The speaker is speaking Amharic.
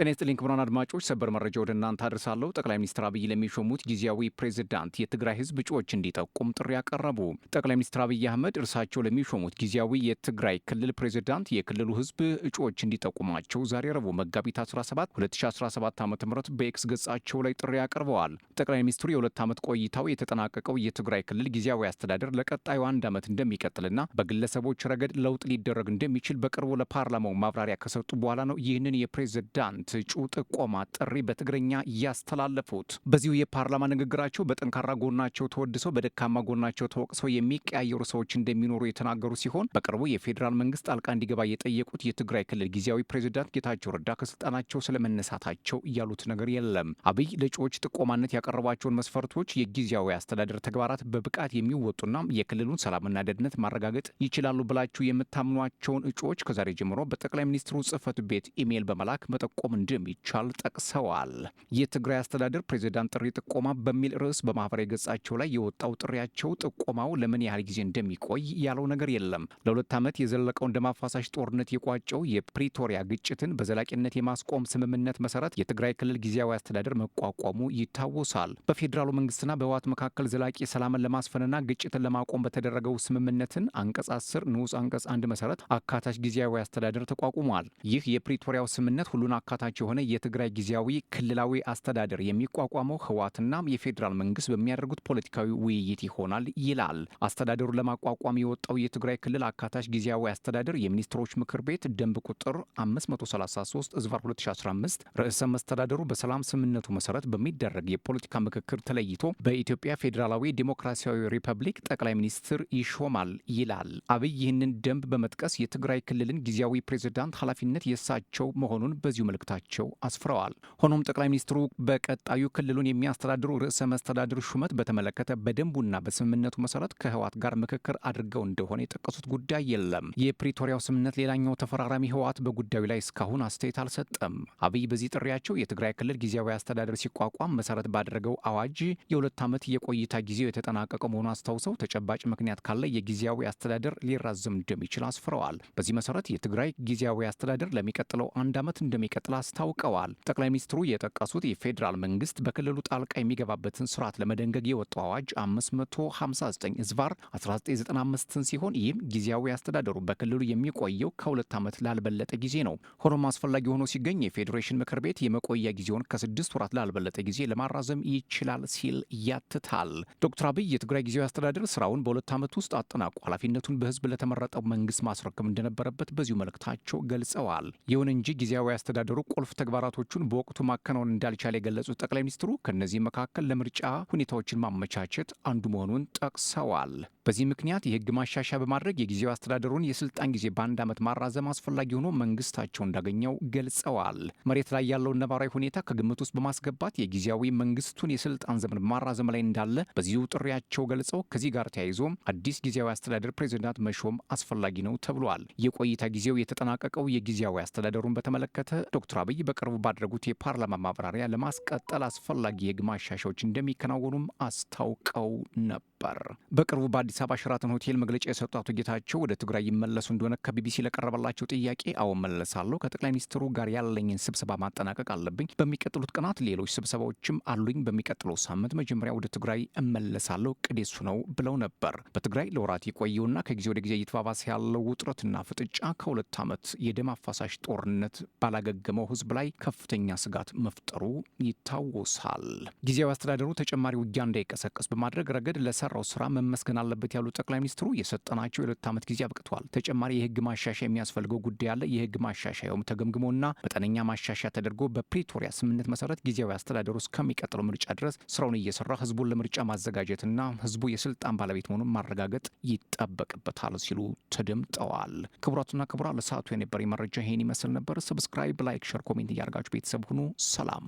ጤና ይስጥልኝ ክቡራን አድማጮች፣ ሰበር መረጃ ወደ እናንተ አድርሳለሁ። ጠቅላይ ሚኒስትር አብይ ለሚሾሙት ጊዜያዊ ፕሬዝዳንት የትግራይ ህዝብ እጩዎች እንዲጠቁም ጥሪ ያቀረቡ። ጠቅላይ ሚኒስትር አብይ አህመድ እርሳቸው ለሚሾሙት ጊዜያዊ የትግራይ ክልል ፕሬዝዳንት የክልሉ ህዝብ እጩዎች እንዲጠቁማቸው ዛሬ ረቡዕ መጋቢት 17 2017 ዓ ም በኤክስ ገጻቸው ላይ ጥሪ አቅርበዋል። ጠቅላይ ሚኒስትሩ የሁለት ዓመት ቆይታው የተጠናቀቀው የትግራይ ክልል ጊዜያዊ አስተዳደር ለቀጣዩ አንድ ዓመት እንደሚቀጥልና በግለሰቦች ረገድ ለውጥ ሊደረግ እንደሚችል በቅርቡ ለፓርላማው ማብራሪያ ከሰጡ በኋላ ነው ይህንን የፕሬዝዳንት አስተያየት እጩ ጥቆማ ጥሪ በትግረኛ ያስተላለፉት በዚሁ የፓርላማ ንግግራቸው በጠንካራ ጎናቸው ተወድሰው በደካማ ጎናቸው ተወቅሰው የሚቀያየሩ ሰዎች እንደሚኖሩ የተናገሩ ሲሆን በቅርቡ የፌዴራል መንግስት ጣልቃ እንዲገባ የጠየቁት የትግራይ ክልል ጊዜያዊ ፕሬዚዳንት ጌታቸው ረዳ ከስልጣናቸው ስለመነሳታቸው ያሉት ነገር የለም። አብይ ለእጩዎች ጥቆማነት ያቀረቧቸውን መስፈርቶች የጊዜያዊ አስተዳደር ተግባራት በብቃት የሚወጡና የክልሉን ሰላምና ደህንነት ማረጋገጥ ይችላሉ ብላችሁ የምታምኗቸውን እጩዎች ከዛሬ ጀምሮ በጠቅላይ ሚኒስትሩ ጽህፈት ቤት ኢሜይል በመላክ መጠቆም እንደሚቻል ጠቅሰዋል። የትግራይ አስተዳደር ፕሬዚዳንት ጥሪ ጥቆማ በሚል ርዕስ በማህበራዊ ገጻቸው ላይ የወጣው ጥሪያቸው ጥቆማው ለምን ያህል ጊዜ እንደሚቆይ ያለው ነገር የለም። ለሁለት ዓመት የዘለቀውን ደም አፋሳሽ ጦርነት የቋጨው የፕሪቶሪያ ግጭትን በዘላቂነት የማስቆም ስምምነት መሰረት የትግራይ ክልል ጊዜያዊ አስተዳደር መቋቋሙ ይታወሳል። በፌዴራሉ መንግስትና በህወሓት መካከል ዘላቂ ሰላምን ለማስፈንና ግጭትን ለማቆም በተደረገው ስምምነትን አንቀጽ 10 ንዑስ አንቀጽ አንድ መሰረት አካታች ጊዜያዊ አስተዳደር ተቋቁሟል። ይህ የፕሪቶሪያው ስምምነት ሁሉን አካታች በራሳች የሆነ የትግራይ ጊዜያዊ ክልላዊ አስተዳደር የሚቋቋመው ህወሓትና የፌዴራል መንግስት በሚያደርጉት ፖለቲካዊ ውይይት ይሆናል ይላል። አስተዳደሩ ለማቋቋም የወጣው የትግራይ ክልል አካታች ጊዜያዊ አስተዳደር የሚኒስትሮች ምክር ቤት ደንብ ቁጥር 533 2015 ርዕሰ መስተዳደሩ በሰላም ስምምነቱ መሰረት በሚደረግ የፖለቲካ ምክክር ተለይቶ በኢትዮጵያ ፌዴራላዊ ዴሞክራሲያዊ ሪፐብሊክ ጠቅላይ ሚኒስትር ይሾማል ይላል። አብይ ይህንን ደንብ በመጥቀስ የትግራይ ክልልን ጊዜያዊ ፕሬዚዳንት ኃላፊነት የሳቸው መሆኑን በዚሁ መልእክታቸው በቤታቸው አስፍረዋል። ሆኖም ጠቅላይ ሚኒስትሩ በቀጣዩ ክልሉን የሚያስተዳድሩ ርዕሰ መስተዳድር ሹመት በተመለከተ በደንቡና በስምምነቱ መሰረት ከህወሓት ጋር ምክክር አድርገው እንደሆነ የጠቀሱት ጉዳይ የለም። የፕሪቶሪያው ስምምነት ሌላኛው ተፈራራሚ ህወሓት በጉዳዩ ላይ እስካሁን አስተያየት አልሰጠም። አብይ በዚህ ጥሪያቸው የትግራይ ክልል ጊዜያዊ አስተዳደር ሲቋቋም መሰረት ባደረገው አዋጅ የሁለት ዓመት የቆይታ ጊዜው የተጠናቀቀ መሆኑ አስታውሰው ተጨባጭ ምክንያት ካለ የጊዜያዊ አስተዳደር ሊራዘም እንደሚችል አስፍረዋል። በዚህ መሰረት የትግራይ ጊዜያዊ አስተዳደር ለሚቀጥለው አንድ ዓመት እንደሚቀጥል አስታውቀዋል። ጠቅላይ ሚኒስትሩ የጠቀሱት የፌዴራል መንግስት በክልሉ ጣልቃ የሚገባበትን ስርዓት ለመደንገግ የወጣው አዋጅ 559 ዝባር 1995ን ሲሆን ይህም ጊዜያዊ አስተዳደሩ በክልሉ የሚቆየው ከሁለት ዓመት ላልበለጠ ጊዜ ነው። ሆኖም አስፈላጊ ሆኖ ሲገኝ የፌዴሬሽን ምክር ቤት የመቆያ ጊዜውን ከስድስት ወራት ላልበለጠ ጊዜ ለማራዘም ይችላል ሲል ያትታል። ዶክተር አብይ የትግራይ ጊዜያዊ አስተዳደር ስራውን በሁለት ዓመት ውስጥ አጠናቁ ኃላፊነቱን በህዝብ ለተመረጠው መንግስት ማስረከም እንደነበረበት በዚሁ መልእክታቸው ገልጸዋል። ይሁን እንጂ ጊዜያዊ አስተዳደሩ ቁልፍ ተግባራቶቹን በወቅቱ ማከናወን እንዳልቻለ የገለጹት ጠቅላይ ሚኒስትሩ ከእነዚህ መካከል ለምርጫ ሁኔታዎችን ማመቻቸት አንዱ መሆኑን ጠቅሰዋል። በዚህ ምክንያት የህግ ማሻሻያ በማድረግ የጊዜው አስተዳደሩን የስልጣን ጊዜ በአንድ ዓመት ማራዘም አስፈላጊ ሆኖ መንግስታቸው እንዳገኘው ገልጸዋል። መሬት ላይ ያለውን ነባራዊ ሁኔታ ከግምት ውስጥ በማስገባት የጊዜያዊ መንግስቱን የስልጣን ዘመን ማራዘም ላይ እንዳለ በዚሁ ጥሪያቸው ገልጸው ከዚህ ጋር ተያይዞ አዲስ ጊዜያዊ አስተዳደር ፕሬዚዳንት መሾም አስፈላጊ ነው ተብሏል። የቆይታ ጊዜው የተጠናቀቀው የጊዜያዊ አስተዳደሩን በተመለከተ ዶክተር አብይ በቅርቡ ባደረጉት የፓርላማ ማብራሪያ ለማስቀጠል አስፈላጊ የህግ ማሻሻያዎች እንደሚከናወኑም አስታውቀው ነበር። ነበር። በቅርቡ በአዲስ አበባ ሸራተን ሆቴል መግለጫ የሰጡ አቶ ጌታቸው ወደ ትግራይ ይመለሱ እንደሆነ ከቢቢሲ ለቀረበላቸው ጥያቄ አዎ መለሳለሁ፣ ከጠቅላይ ሚኒስትሩ ጋር ያለኝን ስብሰባ ማጠናቀቅ አለብኝ። በሚቀጥሉት ቀናት ሌሎች ስብሰባዎችም አሉኝ። በሚቀጥለው ሳምንት መጀመሪያ ወደ ትግራይ እመለሳለሁ፣ ቅዴሱ ነው ብለው ነበር። በትግራይ ለወራት የቆየውና ከጊዜ ወደ ጊዜ እየተባባሰ ያለው ውጥረትና ፍጥጫ ከሁለት ዓመት የደም አፋሳሽ ጦርነት ባላገገመው ህዝብ ላይ ከፍተኛ ስጋት መፍጠሩ ይታወሳል። ጊዜያዊ አስተዳደሩ ተጨማሪ ውጊያ እንዳይቀሰቀስ በማድረግ ረገድ ለሰ ለተሰራው ስራ መመስገን አለበት ያሉት ጠቅላይ ሚኒስትሩ የሰጠናቸው የሁለት ዓመት ጊዜ አብቅተዋል። ተጨማሪ የህግ ማሻሻያ የሚያስፈልገው ጉዳይ አለ። የህግ ማሻሻያውም ተገምግሞና መጠነኛ ማሻሻያ ተደርጎ በፕሪቶሪያ ስምምነት መሰረት ጊዜያዊ አስተዳደሩ እስከሚቀጥለው ምርጫ ድረስ ስራውን እየሰራ ህዝቡን ለምርጫ ማዘጋጀትና ህዝቡ የስልጣን ባለቤት መሆኑን ማረጋገጥ ይጠበቅበታል ሲሉ ተደምጠዋል። ክቡራቱና ክቡራ ለሰዓቱ የነበረ መረጃ ይሄን ይመስል ነበር። ሰብስክራይብ፣ ላይክ፣ ሸር፣ ኮሜንት እያደርጋችሁ ቤተሰብ ሁኑ። ሰላም